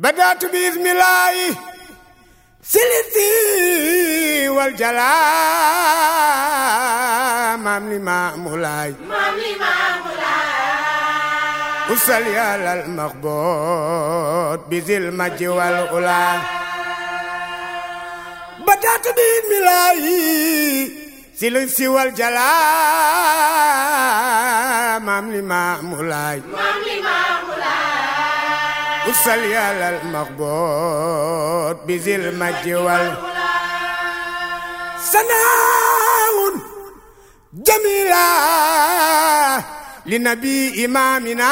بدأت بإذن الله سلتي والجلال مام لما مولاي مام لما مولاي أصلي على المقبوط بذي المجد والأولى بدأت بإذن الله سلتي والجلال مام لما مولاي مام وصل يا للمغبوط بذي المجد والغلا سناء جميلة لنبي إمامنا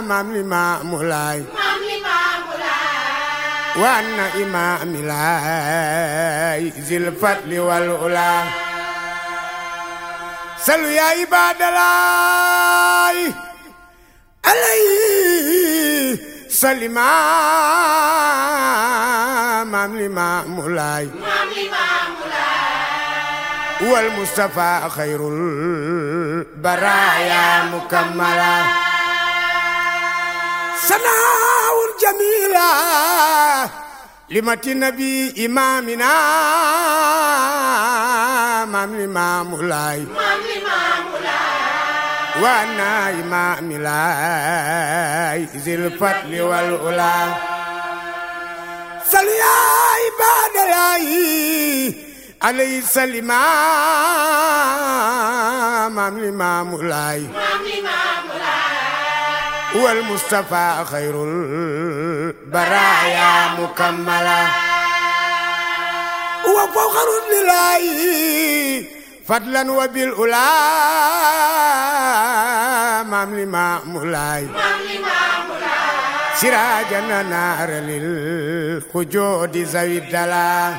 مام لما مولاي وأن إمام لاي ذي الفضل والعلا سلوا يا عباد الله عليه sa limaam maam limaamu laay wal Mustafa xayrul baraaya mukammala sanaawun jamila limati nabi imaamina maam limaamu laay وانا امام لاي ذي الفضل والعلا صلوا يا عباد الله عليه السلام الامام لاي والمصطفى خير البرايا مكملا وفخر لله fadlan wa bil ulaa maam li maamu laay siraajan naaralil xujoodi zawi dalaa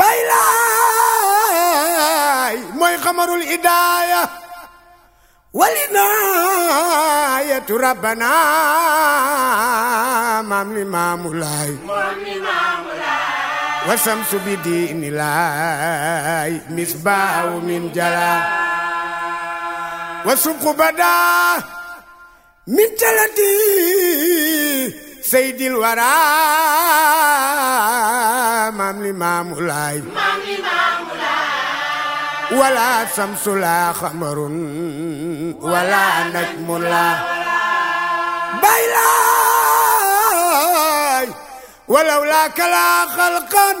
bay laay mooy xamarul idaaya wali naayatu rabbana maam li maamu laay والشمس بدين الله مصباح من جلا والسبق بدا من جلدي سيد الورى مام لمام مولاي ولا شمس لا خمر ولا نجم لا بيلاي ولولاك لا خلقا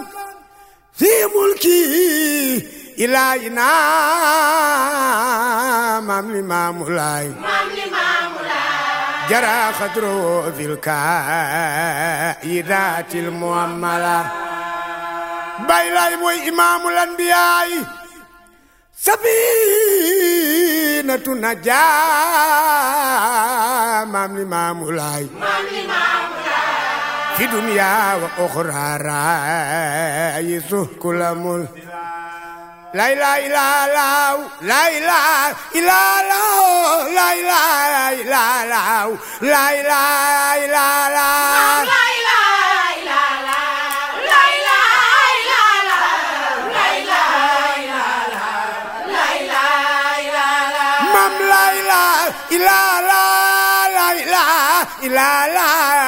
في ملكي إلا إنام مام لما مولاي جرى خطره في الكائنات المؤملة بايلاي موي إمام الأنبياء سفينة نجاة مام لما مولاي مام لما في دنيا وأخرى رايسه كل ملك لا إله إلا الله لا إله إلا الله لا إله إلا الله لا إله إلا الله La la la la la la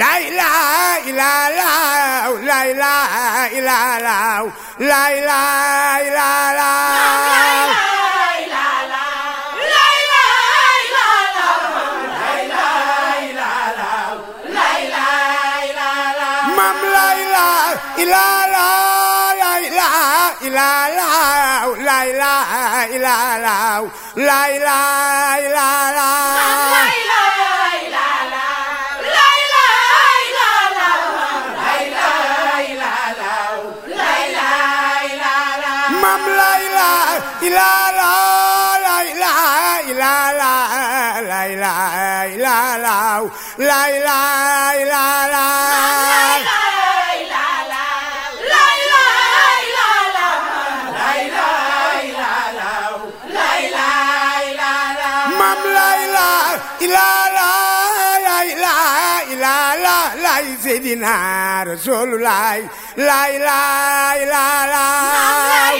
la ilaha illallah la ilaha illallah la ilaha illallah la la la la la ilaa laa ilaa ilaa laa laay seydina rasulu laay laa ilaa ilaa laay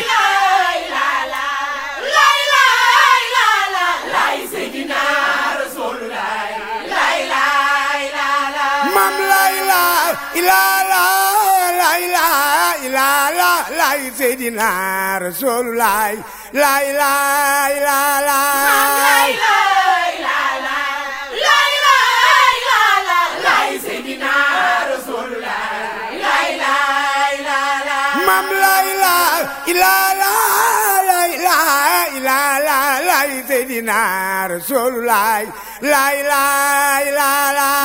maam laa ilaa ilaa laa ilaa ilaa laa laay seydina rasulu laay laa ilaa ilaa laay Seydina Rasulullah la ilaha illallah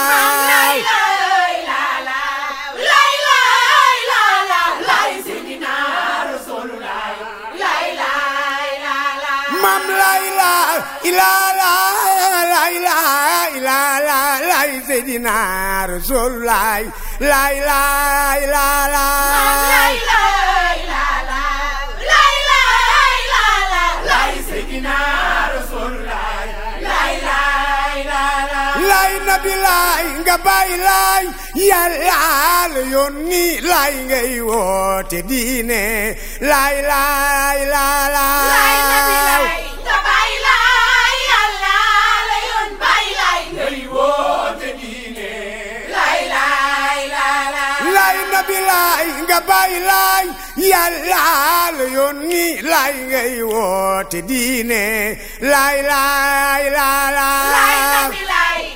Seydina Rasulullah la ilaha illallah laay nabi laay nga bàyyi laay yàllaa la yónni laay ngay woote diine laay laay laa laay bilaay nga bàyyi laay yàllaa la yónni laay ngay woote diine laay laay laa laa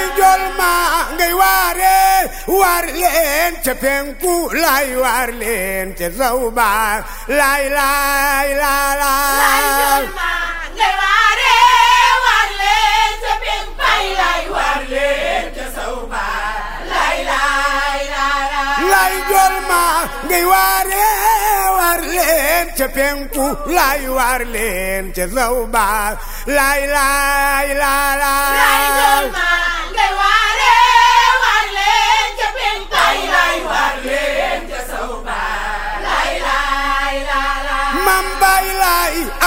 lay jol maa ngay waare waar leen ca penku lay waar leen ca saw baar lay lay lay lay jol maa ngay waare waar leen ca penku bay lay waar leen ca saw baar lay lay lay lay jol maa ngay waare waar leen ca penku lay waar leen ca saw baar lay lay lay lay jol maa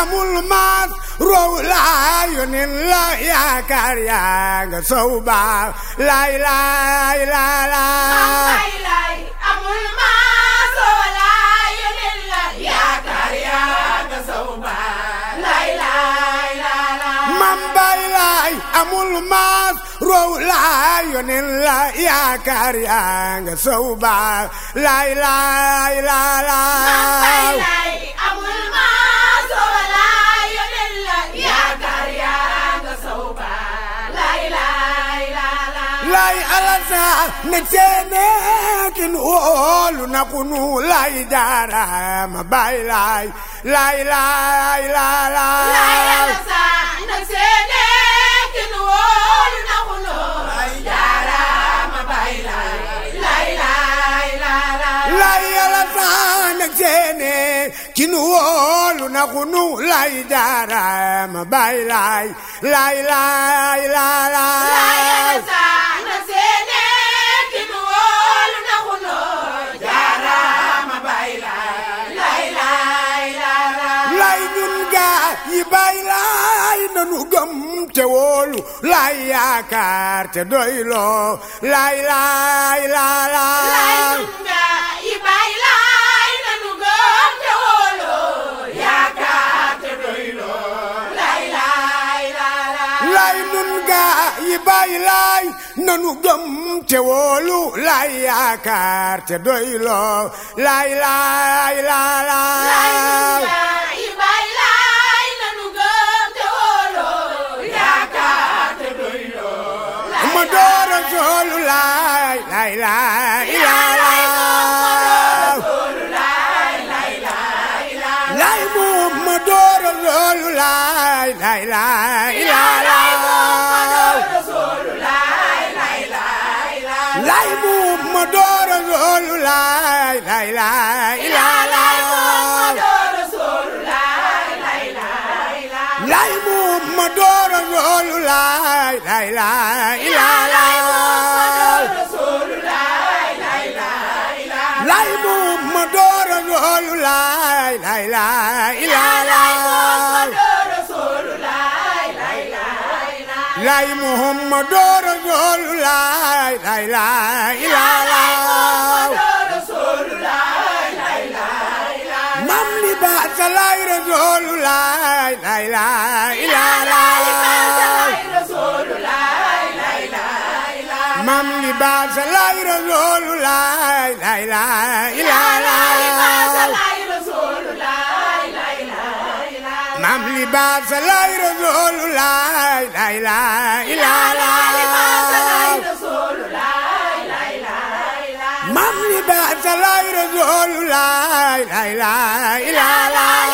amul maas row laa yonen la yaakaar yaa nga sow baal laay laay laa laa amul maas laay amul maas row laay yonen laay yaakaar yaa nga sow baax laay laay laay laay amul maas row laay yonen laay yaakaar yaa nga sow baax laay laay laay laay alasa ne ceene kin woolu na kunu laay jaara ma baay laay laay laay laay laay alasa na ceene kinu wóolu na xunu lay jaaraama bay lay lay lay lay lay te wóolu laay yaakaar te doyloo laay laay laay laay yi bay laay nanu gëm te wóolu yaakaar te doyloo laay laay laay laay nun ga yi bay laay nanu gëm te wóolu laay yaakaar te doyloo laay laay laay laay lay lay lay lay Muhammadu Rasulullah lay lay lay lay Muhammadu Rasulullah lay lay lay lay Muhammadu Rasulullah lay lay lay لا إله إلا الله لاي محمد رسول الله لا إله إلا الله مم لباس لا رسول الله لا إله إلا الله مم لباس لا رسول الله لا إله إلا الله libaas lay rasuulu laay laay laay mam libaas lay rasuulu laay laay laay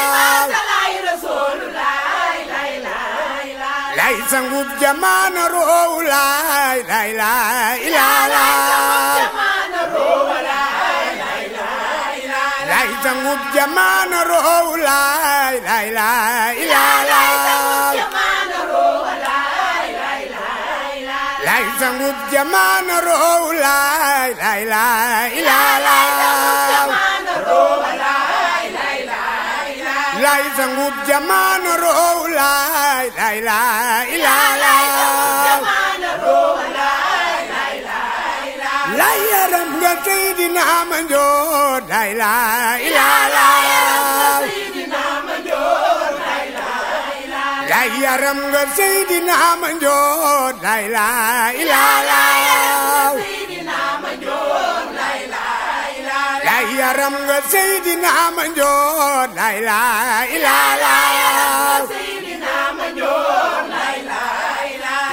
lay sangub jamaana roowu laay laay laay lay sangub jamaana جمان رو لا لا لا لا لا لاي زنگوب جمان رو لا لا لا لا لا لاي رمغ سيدنا منجور لا لا لا لا yaram nga Seydina ma njoon lay lay lay lay yaram nga Seydina ma njoon lay lay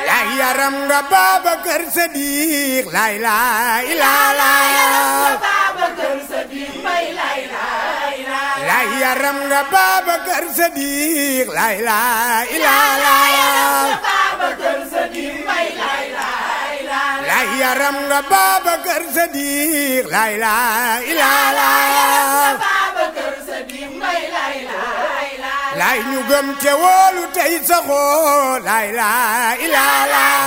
lay yaram nga Babakar Sadiq lay lay lay yaay yaram nga Babacar Sadiq laay laay ilaalaay laay yaram nga Babacar Sadiq laay laay ilaalaay laay ñu gëm te wóolu tey saxoo laay laay ilaalaay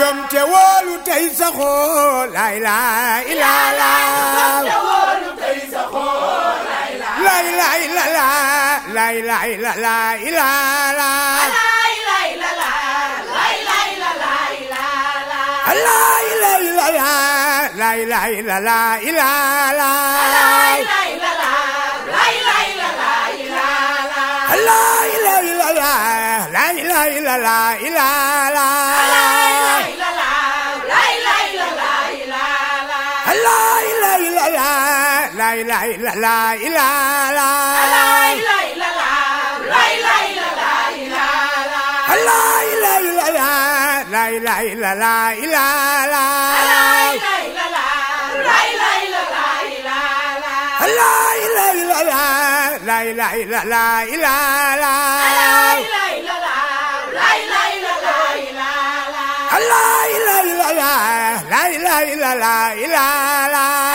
gëm te wóolu tey saxoo laay laay laa laa laay laay laa laa laay laay laa laay laa laa lay lay la la ila la lay lay la la lay lay la la ila la lay lay la la lay lay la la ila la lay lay la lay la la lay lay la la lay lay la lay la la lay lay la la lay lay la lay la la lay lay la la lay lay la lay la la lay lay la la lay lay la lay la la lay lay la la lay lay la lay la la lay lay la la lay lay la lay la la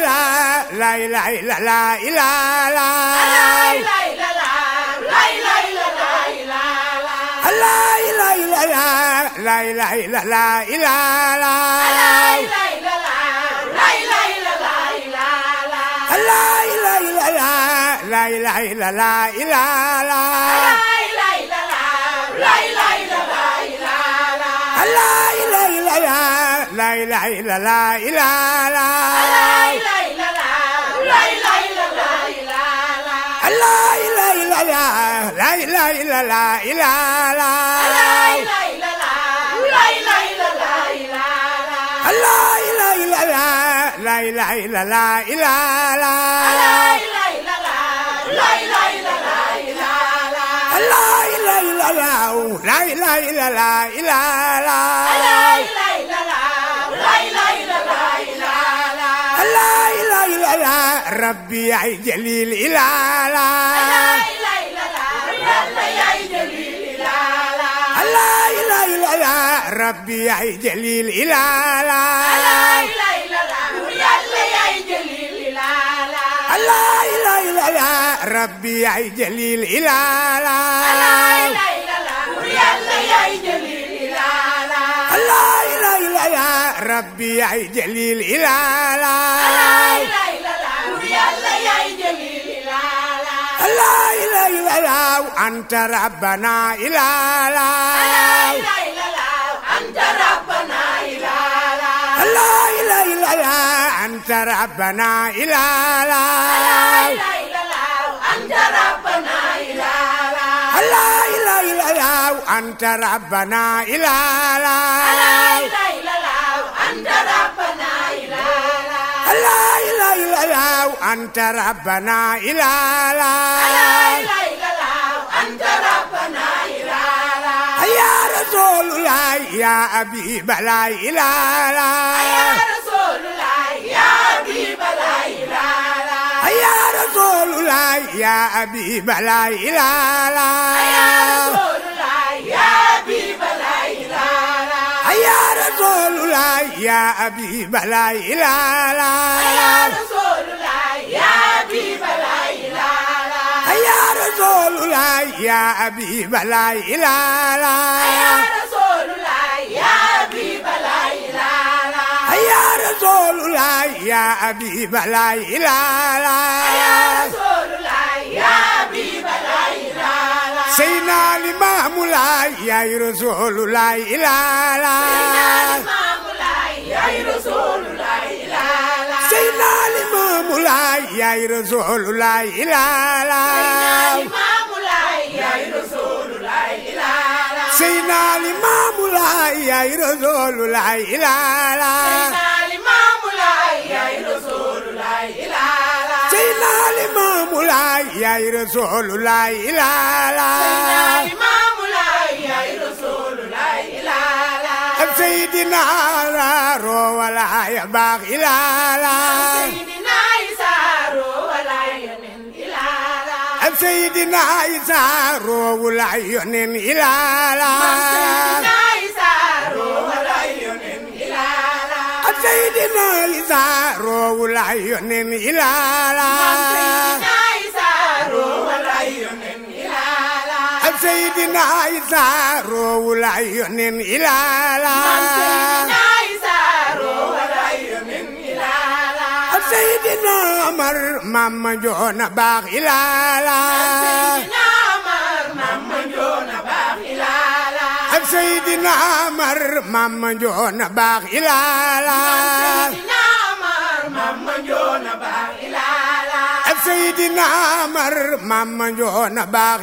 la ilaha illa la ilaha la ilaha illa la ilaha illa la ilaha la ilaha illa la ilaha la ilaha la ilaha illa la ilaha la ilaha illa la ilaha la ilaha illa la ilaha la ilaha illa la ilaha la la ilaha illa la la ilaha illa la la ilaha illa la ilaha la la ilaha illa la ilaha la la ilaha illa la ilaha la la ilaha illa la ilaha la ilaha illa la ilaha rabbi yaay jalil ilaala rabbi yaay jalil ilaala rabbi yaay jalil ilaala rabbi yaay jalil ilaala أنت ربنا إله لا إله إلا الله أنت ربنا إله لا لا إله إلا الله أنت ربنا إله لا لا إله إلا الله أنت ربنا إله لا لا إله إلا الله أنت ربنا إله لا لا إله إلا الله أنت ربنا إله لا لا إله إلا الله أنت ربنا إله لا لا إله يا أبي بلا إلا لا يا رسول الله يا أبي بلا إلا لا يا رسول الله يا أبي بلا إلا لا يا رسول الله يا أبي بلا إلا لا يا رسول الله يا أبي بلا إلا لا يا رسول يا رسول الله يا حبيب لا إله يا رسول الله يا حبيب لا إله يا رسول الله يا حبيب لا إله يا رسول الله يا حبيب لا إله سيدنا الإمام لا يا رسول الله إله سيدنا الإمام لا يا رسول imaamu laay yaay rasuulu laay ilaalaw Seydina Limaamu Laay yaay rasuulu laay ilaalaw Laay yaay Rasuulu laay ilaala Seydina la roowa laay baax ilaala سيدنا عيسى روح العيون هلالا سيدنا عيسى روح العيون هلالا سيدنا عيسى روح العيون هلالا سيدنا عيسى روح العيون هلالا سيدنا عيسى روح العيون هلالا Omar maam ma joona baax ilaala ak Seydina Omar maam ma joona baax ilaala ak Seydina Omar maam ma joona baax ilaala Seydina Omar maam ma joona baax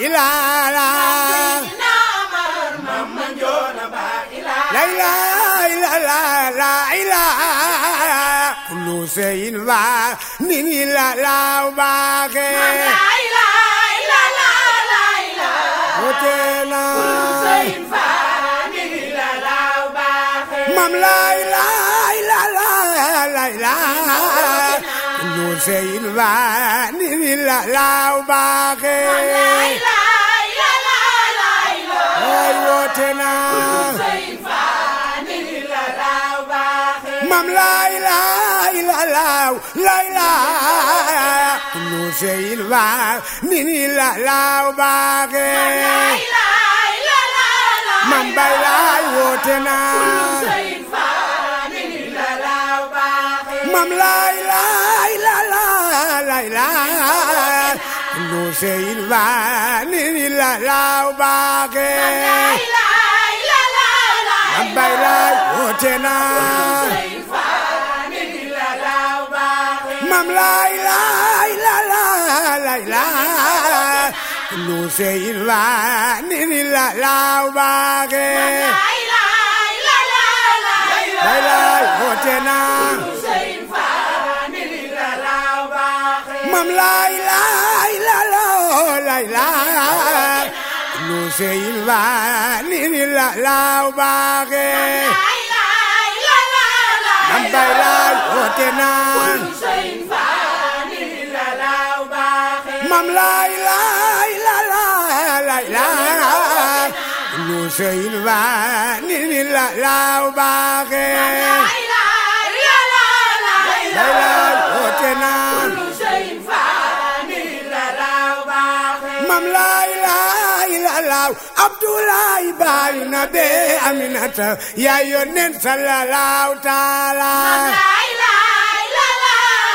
ilaala Mama Njoona ba ilaa la ilaa la la ilaa kullu shay'in wa nini la la baake la ilaa la la la ilaa hotela kullu shay'in wa nini la la baake mam la ilaa la la la ilaa kullu shay'in wa nini la la baake rawatina mam laay laay laalaw laay laay kullu shay'in faanihi laalaw baaxe mam bay laay woote naa mam laay laay laalaay laay kullu shay'in faanihi laalaw baaxe bay laay woote naa mam laay laay la laay laay lu sey la ni la laaw baaxee Sëriñ Faal ni la laaw baaxee am bay laay woote naan Sëriñ Faal ni la laaw baaxee mam laay laay la laay laay lu Sëriñ Faal ni la laaw baaxee waaw Abdoulaye baay na bee Aminata yaay yónneen sallallahu taala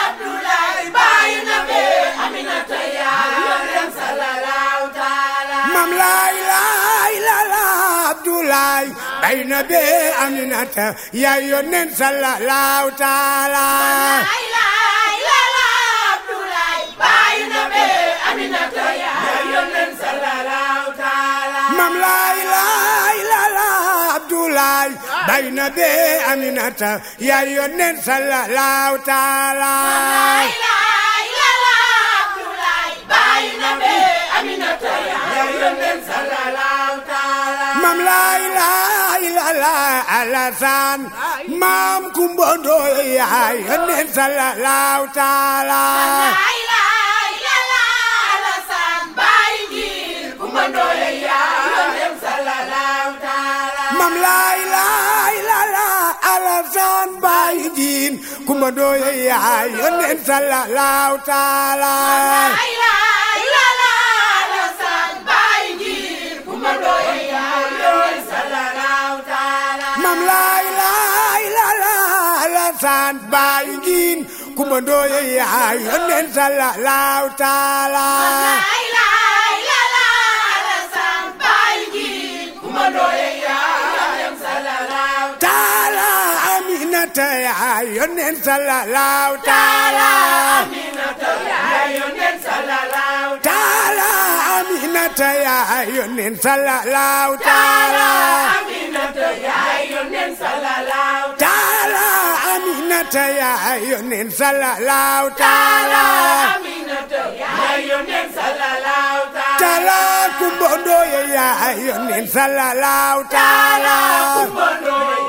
Abdoulaye bay na bee Aminata yaay yónneen sallallahu taala Abdoulaye bay na bee Aminata bay na bee Aminata yaay yónneen sallallahu taala mam laa ilaaha illallah alasan maam Kumba Ndoye yaay yónneen sallallahu kuma doye yaay yonent sallallahu taala mam laay laay la la la saan baay ngiin kuma doye yaay yonent sallallahu taala mam laay laay la la la saan baay ngiin kuma doye aminata yaa yonen sallallahu taala aminata yaa yonen sallallahu taala aminata yaa yonen sallallahu taala aminata yaa yonen sallallahu taala aminata yaa yonen sallallahu taala aminata yaa yonen sallallahu taala taala kumbondo yaa yonen sallallahu taala kumbondo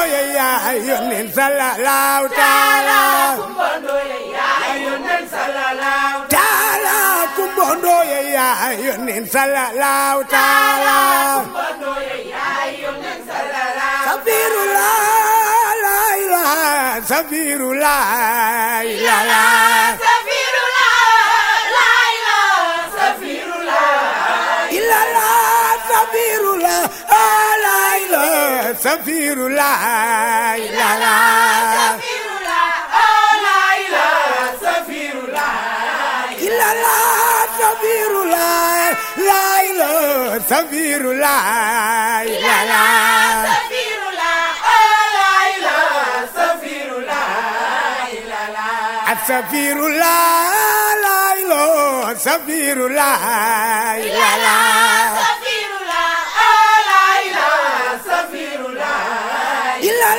ndoye yaa yónneen sallallahu taala kumba ndoye yaa yónneen sallallahu taala kumba ndoye yaa yónneen sallallahu taala kumba ndoye yaa yónneen sallallahu safirullah la ilaha safirullah la ilaha safiru la ilala safiru la la ilala safiru la ilala safiru la la ilala safiru la ilala safiru la la ilala safiru la ilala safiru la la ilala safiru la ilala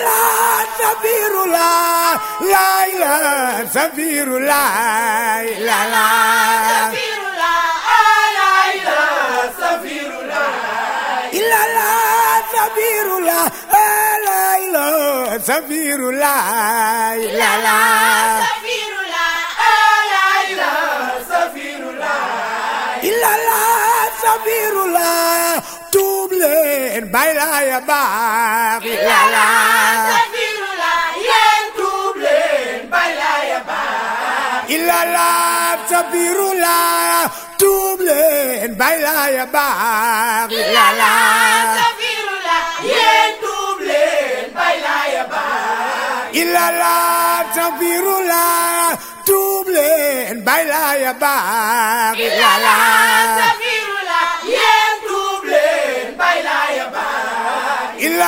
laa safiiru laa laay la safiiru laay la laa safiiru laa laay la safiiru laay la laa yéen bàyyi laa ya baax la la safirula yéen tuub leen bàyyi ya baax illa la safirula tuub leen bàyyi laa tuub leen bàyyi ya baax illa la safirula tuub leen bàyyi ya baax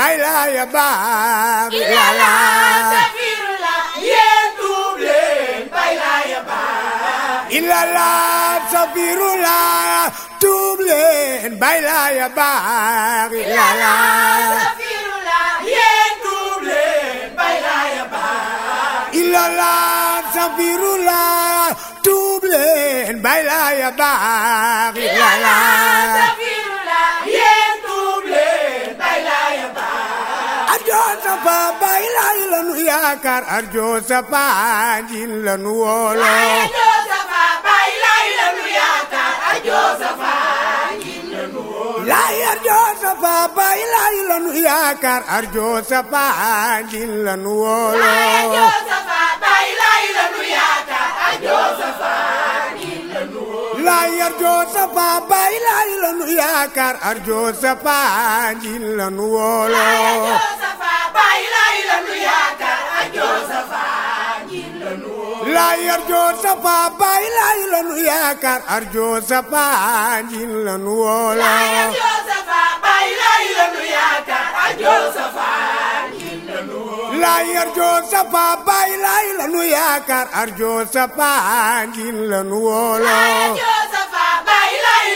bayla ya baab ila la safirula yéen tuub leen bayla ya baab ila la safirula tuub leen bayla ya baab ila la safirula yéen tuub leen bayla ya baab ila la safirula tuub leen bayla ya baab ila la yaakaar arjo sa paa njin la nu woolo arjo sa paa bay lay la nu yaakaar arjo sa paa njin la nu woolo lay arjo sa paa bay lay la nu yaakaar arjo sa paa njin la nu woolo lay arjo sa paa bay lay la nu yaakaar arjo sa paa njin la nu woolo lay arjo sa paa bay lay la nu yaakaar arjo sa paa njin la nu woolo lay arjo sa paa bay lay la nu yaakaar laay arjo sapa baay laay lanu yaakaar arjo sapa njin lanu woola laay arjo sapa baay laay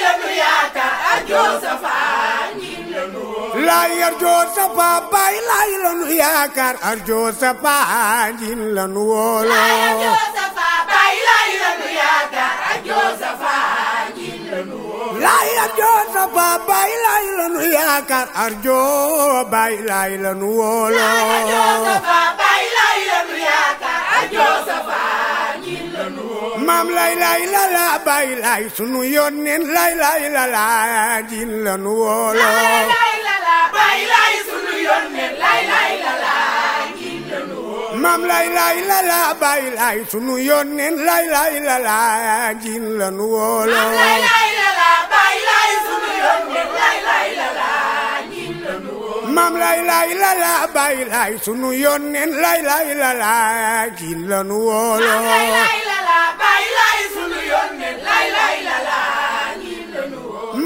wallaay arjo sa paa baay laay la nu yaakaar arjo sa paa njiin la nu woolo laay arjo sa paa baay laay la nu yaakaar arjo baay laay la nu woolo maam lay lay la la baay sunu yoon lay lay la la njiin la laay laay sunu yónnee laay laay la laay maam laay laay la laa baay laay sunu yónneen laay jin la nu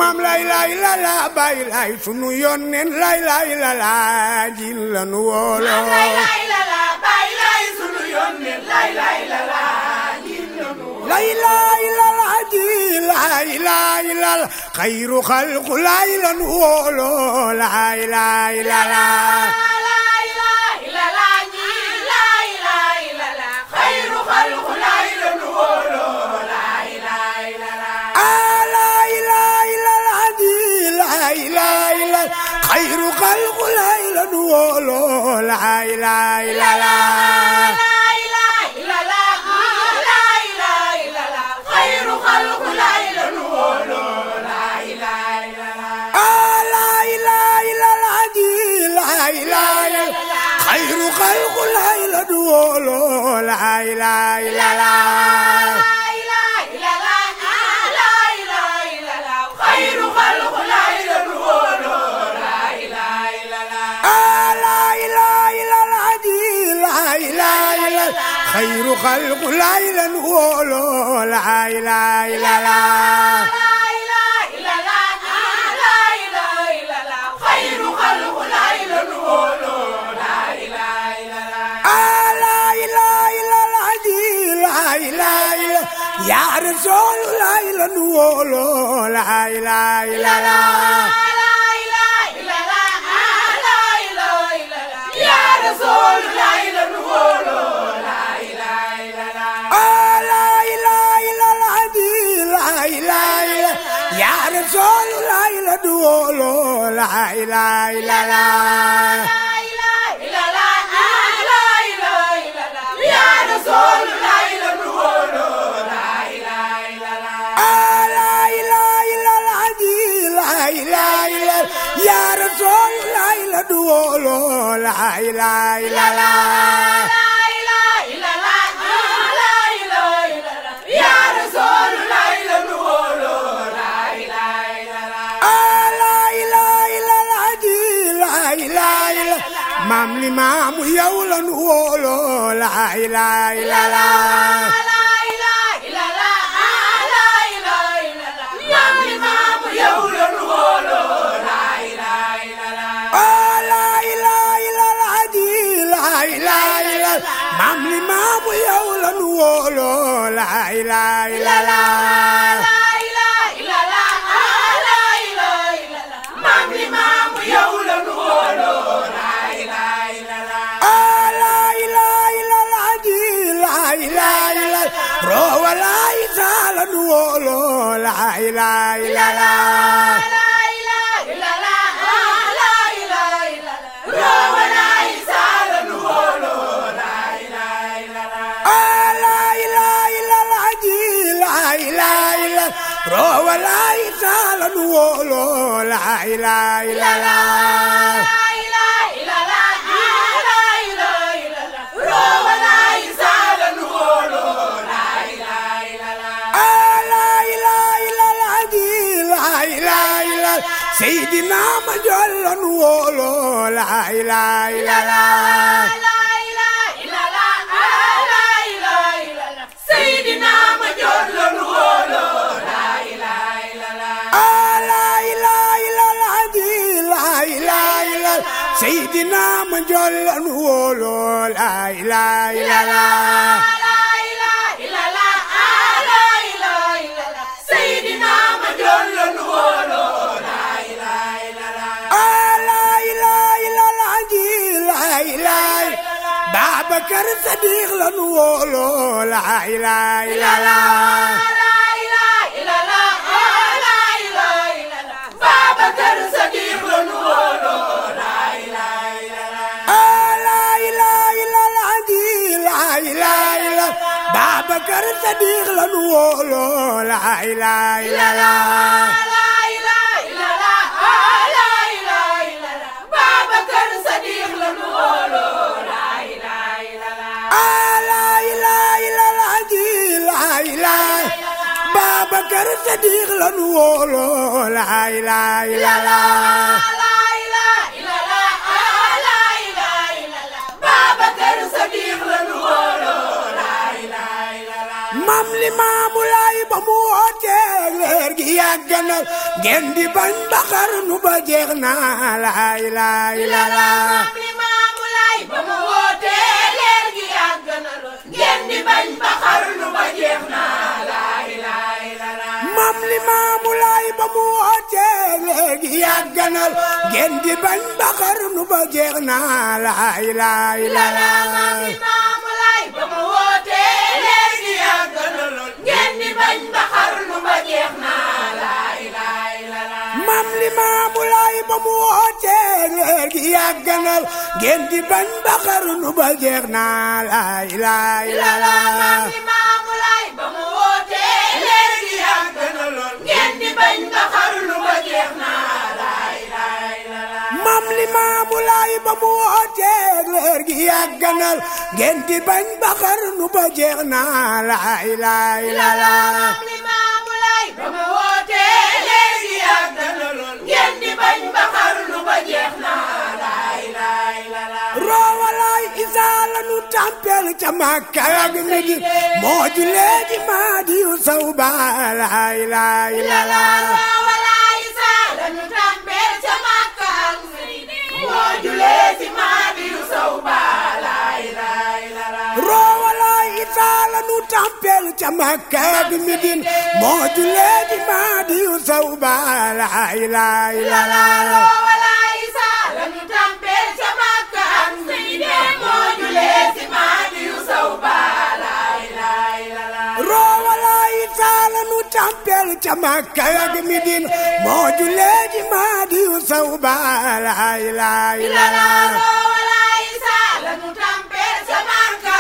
maam lay lay la la bay لا خير خلق لا إله إلا لا إله إلا لا خير خلق لا إله إلا لا الخلق لا إلا نقولوا لا إله إلا الله يا رسول لا إله إلا لا إله إلا الله لا إله إلا الله يا رسول لا رسول لا دولو لا إله إلا الله يا رسول الله يا رسول الله لا إله إلا الله maam li maamu yow la nu wóoloo laay laay oh, la la maam li maamu yow la nu wóoloo laay laay la la la ilaha illallah روى لا يزال ولا لا اله الا الله Seydina ma jolloon wóoloo la ilaha illallah Seydina ma jolloon wóoloo la ilaha illallah Babacar Sadiq la nu wóoloo la ilaha illallah Babacar Sadiq la nu wóoloo la ilaha ah, illallah te diir la nu wóoloo laay laay la la mam li maamu laay ba mu wootee leer gi yàgg na ngeen di bañ ba xar nu ba jeex na laay laay la la léegi yàgg na ngeen di bañ ba xarnu ba jeex na laay laay laay ba mu wootee léegi yàgg na lool ngeen di bañ ba xarnu ba jeex na laay laay maam li maamu laay ba mu wootee léegi yàgg na ngeen di bañ ba xarnu ba jeex na laay laay ba mu wootee léegi yàgg na lool ngeen di bañ ba xarnu ba jeex na limaamu laay ba mu wooteeg leer gi yàgganal ngeen di bañ ba xar nu ba jeex na laay laay la laay limaamu laay ba mu wooteeg leer gi yàgganal ngeen di bañ ba xar nu ba jeex na laay laay la laay roowalaay isaa la nu tàmpeel ca Makka ak Midi moo ju léegi maa di yu saw ba laay laay la laay moo julee si maa di yu sow baa laay laay laay roowalaay isaa la nu tampeel ca Makka ak Midin moo julee si maa di yu sow baa laay laay laay Moo julee si Maadiyu Sawba campeel ca Makka moo ju léegi maa di saw ba laa ilaaha illallaah walaa isa la nu campeel ca Makka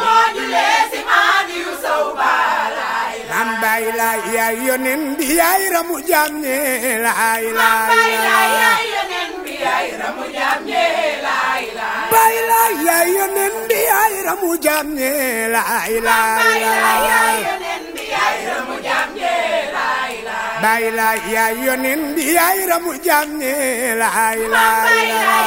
moo ju léegi maa di saw ba laa ilaaha illallaah bay laa yaay bi yaay ramu jaam ñe yaay ramu jaam ñe laay laay bay laay yaay yonen bi yaay ramu jaam ñe laay laay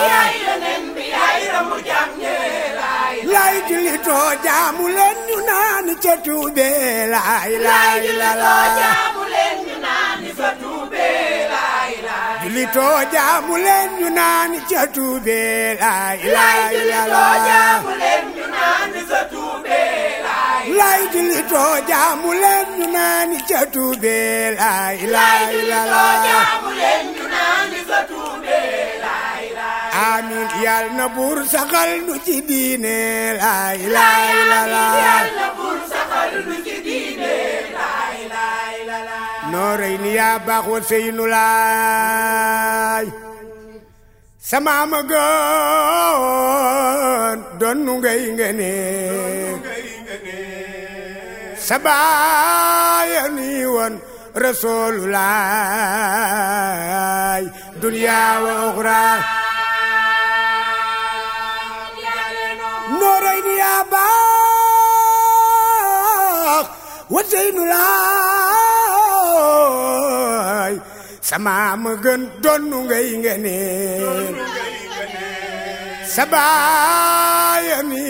yaay yonen bi yaay ramu jaam ñe laay laay julli too jaamu leen ñu naan ca tuube laay laay laay jaamu leen ñu naan ca tuube laay laay julli too jaamu leen ñu naan ca tuube laay laay laay julli too jaamu leen ñu naan ca tuube lay julli too jaamu leen ñu naani ca tuube laa ilaaha illallaah amiin yal na buur saxal nu ci diine laa ilaaha illallaah nooreyni yaa baax wa seynu laay sama ma gën doon nu ngay ngënee sabaaya ni woon wa uxraa nooray ni baax wa zeynulaay sama gën donnu ngay ngeneen sabaaya ni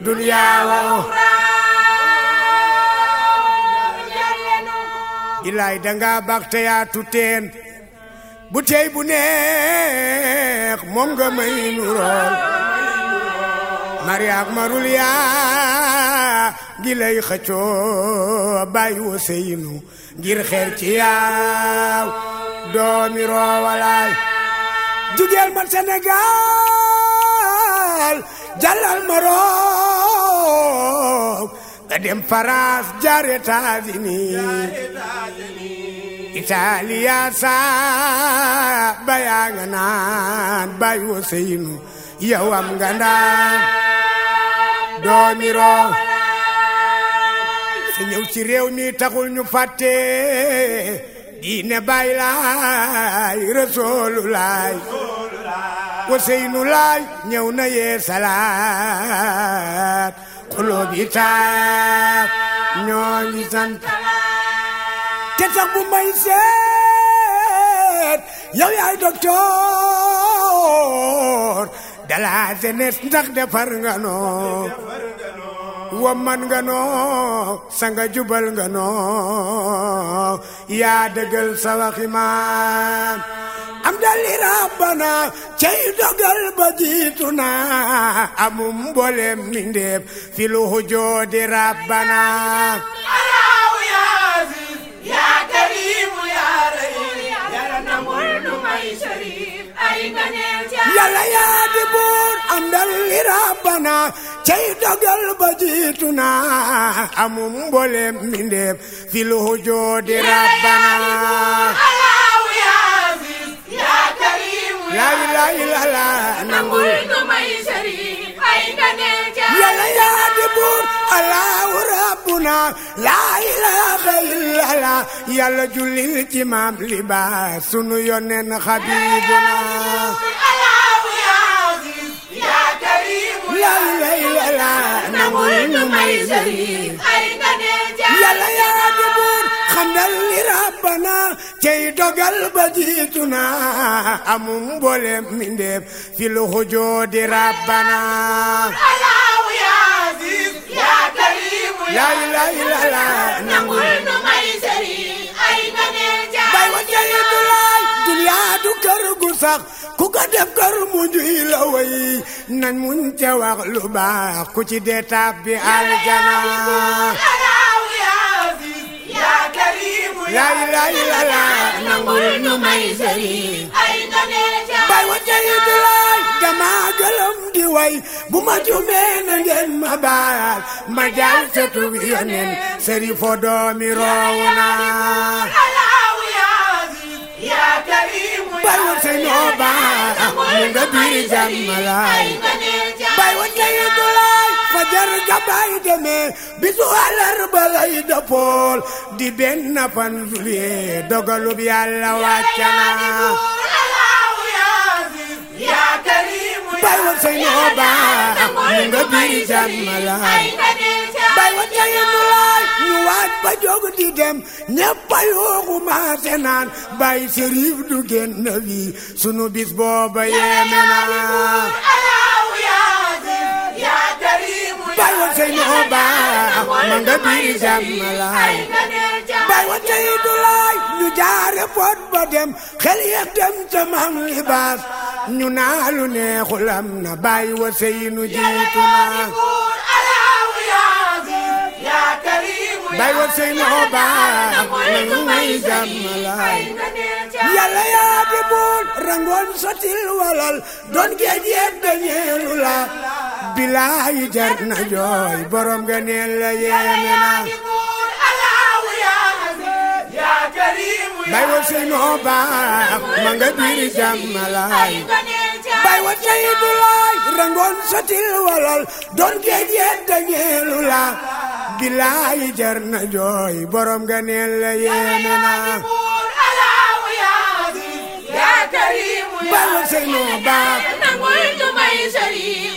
دنيا وأخرى ilaay danga baax te yaa tuteen bu tey bu neex moom may nu rool mariyaak yaa gi lay xëccoo bàyyi wa seynu ngir xeer ci yaaw doomi roowalaay jugeel ma Sénégal jàllal ma rool nga dem France jaar États-Unis Italia saa ba yaa bay wo seynu yow am nga ndam doomi ci réew mi taxul ñu fàtte diine bay laay resoolu laay laay ñëw na yee xulóob yi taar ñoo te tax bu may seet yow yaay docteur de la jeunesse ndax defar nga noo womat nga noo sanga jubal nga noo yaa dëggal sa waxi maam am dali rabbana cay dogal ba jiitu na amum mboolem mi ndeef fi lu hujoodi rabbana yàlla yaa di buur am dali rabbana cey dagal ba jiitu naa amum mboolem mbindeef fi lu joodi rabbana laa ilaaha illallaah nangul du may sëriñ ay nga neel jaay yàlla yaa di buur allahu rabbuna laa ilaaha illallaah yàlla jullil ci maam li ba sunu yoneen xabibuna ya la la nangul nu may sëriñ ay ngane jaay yàlla yaa di buur xandal li rabbana cey dogal ba jiituna amum mboolem mindeef fi lu xujoo di rabbana alaaw yaa aziz yaa karimu yaa la la la nangul nu may sëriñ ay ngane jaay bay wa jayidulaa yaatu kër gu ku ko def kër mujj yi la way nan muñ ca wax lu baax ku ci dee taab bi aljana laa ilaaha illallaah nangul nu may sëriñ ay ndameel ca bay wa jayit laay dama gëlëm di way bu ma jumee na ngeen ma baal ma jaal sa tubi yonen sëriñ fo doomi roow naa bay woon say noo baara mu nga biir jàmmalaay bay woon say idulaay fajar ga bay demee bisu àllarba lay dëppool di benn fan juillet dogalub yàlla wàcca na bay woon say noo baara mu nga biir jàmmalaay bay woon say idulaay ñu waat ba jóg di dem ñëpp a yooxu maase naan bàyyi sëriif du génn wi sunu bis booba yeeme naa bay wa sey no baa ma nga bay wa tey du laay ñu jaare pot ba dem xel yeex dem ca maam libaas ñu naa lu neexul na bay wa sey nu jiitu naa ya karim bay wa sey na baax nanu may jàmmalaay yàlla yaa di buur rangoon sotil walal doon géej yeeg dañeelu la bilaay jar na jooy borom nga neel la yeeme na sey na baax ma nga biir jàmmalaay bay wa sey du laay bilaay jar na borom nga la yéeme naa yaa karimu yaa seynu baab nangul ñu may sharif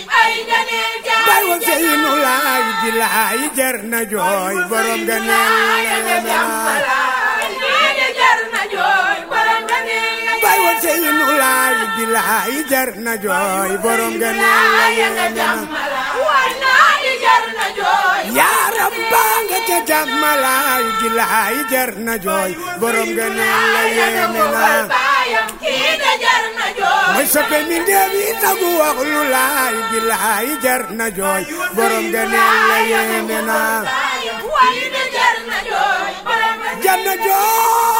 ay wa seynu laay bilaay jar na jooy borom nga la yéeme naa yaram baa nga ca laay jar na jooy borom nga ne la yéeme naa mooy soppe mi ndéem yi nagu wax lu laay gi laay jar na jooy borom nga ne jooy